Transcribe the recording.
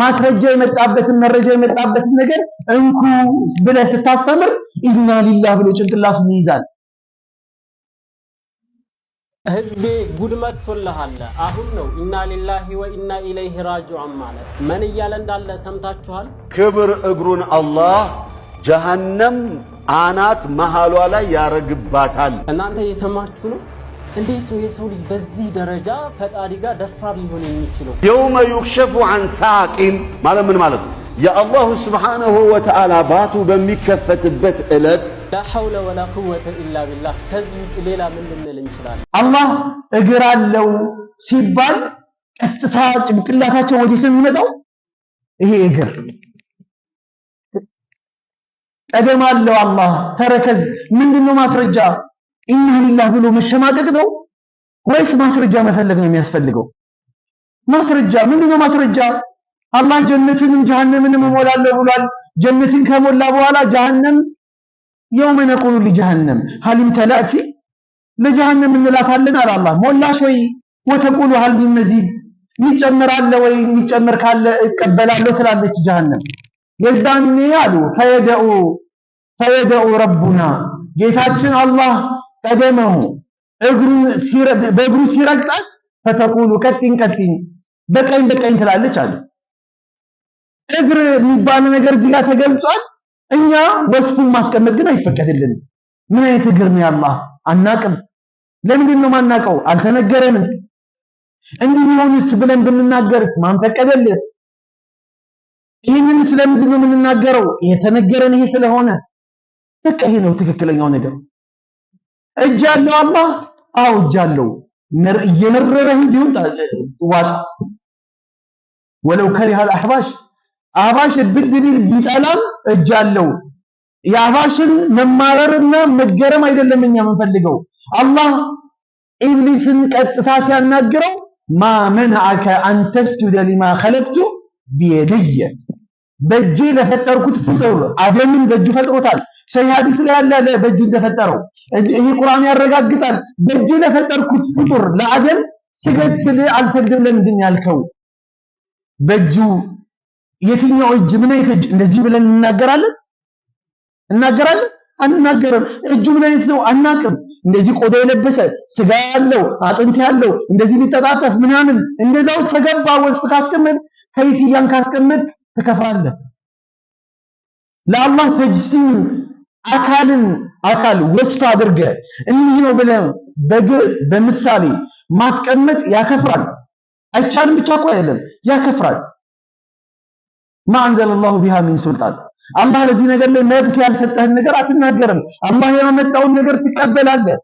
ማስረጃ የመጣበትን መረጃ የመጣበትን ነገር እንኩ ብለህ ስታስተምር ኢና ሊላህ ብሎ ጭንቅላቱን ይይዛል። ህዝቤ ጉድ መጥቶልሃል። አሁን ነው ኢና ሊላሂ ወኢና ኢለይሂ ራጂዑን ማለት ምን እያለ እንዳለ ሰምታችኋል። ክብር እግሩን አላህ ጀሃነም አናት መሃሏ ላይ ያረግባታል። እናንተ እየሰማችሁ ነው። እንዴት ነው የሰው ልጅ በዚህ ደረጃ ፈጣሪ ጋር ደፋ ሊሆን የሚችለው? የውመ ዩክሸፉ አን ሳቂን ማለት ምን ማለት ነው? የአላሁ ስብሓነሁ ወተዓላ ባቱ በሚከፈትበት ዕለት ላ ሐውለ ወላ ቁወተ ኢላ ቢላህ። ከዚህ ውጭ ሌላ ምን ልንል እንችላለን? አላህ እግር አለው ሲባል ቀጥታ ጭንቅላታቸው ወዴት ነው የሚመጣው? ይሄ እግር ቀደም አለው አላህ ተረከዝ ምንድን ማስረጃ ኢና ሊላህ ብሎ መሸማቀቅ ነው ወይስ ማስረጃ መፈለግ ነው የሚያስፈልገው? ማስረጃ ነው ማስረጃ አላህ ጀነትንም ጀሃነምንም እሞላለሁ ብሏል። ጀነትን ከሞላ በኋላ ጀሃነም የውመ ነቁሉ ሊጀሃነም ሀሊም ተላእቲ ለጀሃነም እንላታለን አለ አላህ። ሞላሽ ወይ ወተቁሉ ሀል ሚን መዚድ ሚጨመራለ ወይ ሚጨመር ካለ እቀበላለሁ ትላለች ጀሃነም። የዛኔ አሉ ፈየደኡ ፈየደኡ ረቡና ጌታችን አላህ ቀደመሁ በእግሩ ሲረግጣት ፈተቁሉ ቀጢን ቀጢን በቀኝ በቀኝ ትላለች አለ። እግር የሚባል ነገር እዚህ ጋር ተገልጿል። እኛ ወስፉን ማስቀመጥ ግን አይፈቀድልንም። ምን አይነት እግር ነው ያላህ አናቅም። ለምንድን ነው ማናቀው? አልተነገረንም። እንዲህ ቢሆንስ ብለን ብንናገርስ ማን ፈቀደልን? ይህንን ስለምንድን ነው የምንናገረው? የተነገረን ይሄ ስለሆነ በቃ ይሄ ነው ትክክለኛው ነገር። እጅ ያለው አላህ አው እጅ አለው። እየመረረህ ቢሆን ዋጣ ወለው ከሪሃል አህባሽ አህባሽ ብድ ቢል ቢጠላም እጅ አለው። የአህባሽን መማረርና መገረም አይደለም እኛ የምንፈልገው። አላህ ኢብሊስን ቀጥታ ሲያናግረው ማ መንዐከ አንተስጁደ ሊማ ኸለቅቱ ቢየደየ በእጄ ለፈጠርኩት ፍጡር አደምን በእጁ ፈጥሮታል። ሰይ ሐዲስ ላይ ያለ በእጁ እንደፈጠረው ይሄ ቁርአን ያረጋግጣል። በእጄ ለፈጠርኩት ፍጡር ለአደም ስገድ ስል አልሰግድም ለምንድን ያልከው? በእጁ የትኛው እጅ ምን አይነት እጅ? እንደዚህ ብለን እናገራለን እናገራለን አንናገርም። እጁ ምን አይነት ነው አናቅም። እንደዚህ ቆዳ የለበሰ ስጋ ያለው አጥንት ያለው እንደዚህ የሚጠጣጠፍ ምናምን እንደዛ ውስጥ ከገባ ወስፍ ካስቀመጥ ከይፍያን ካስቀመጥ ትከፍራለህ። ለአላህ ተጅሲም አካልን አካል ወስፍ አድርገ እንዲህ ነው ብለህ በምሳሌ ማስቀመጥ ያከፍራል። አይቻልም ብቻ እኮ አይደለም ያከፍራል። ማአንዘለላሁ ቢሃ ሚን ሱልጣን አላህ ለዚህ ነገር ላይ መብት ያልሰጠህን ነገር አትናገርም። አላህ ያመጣውን ነገር ትቀበላለህ።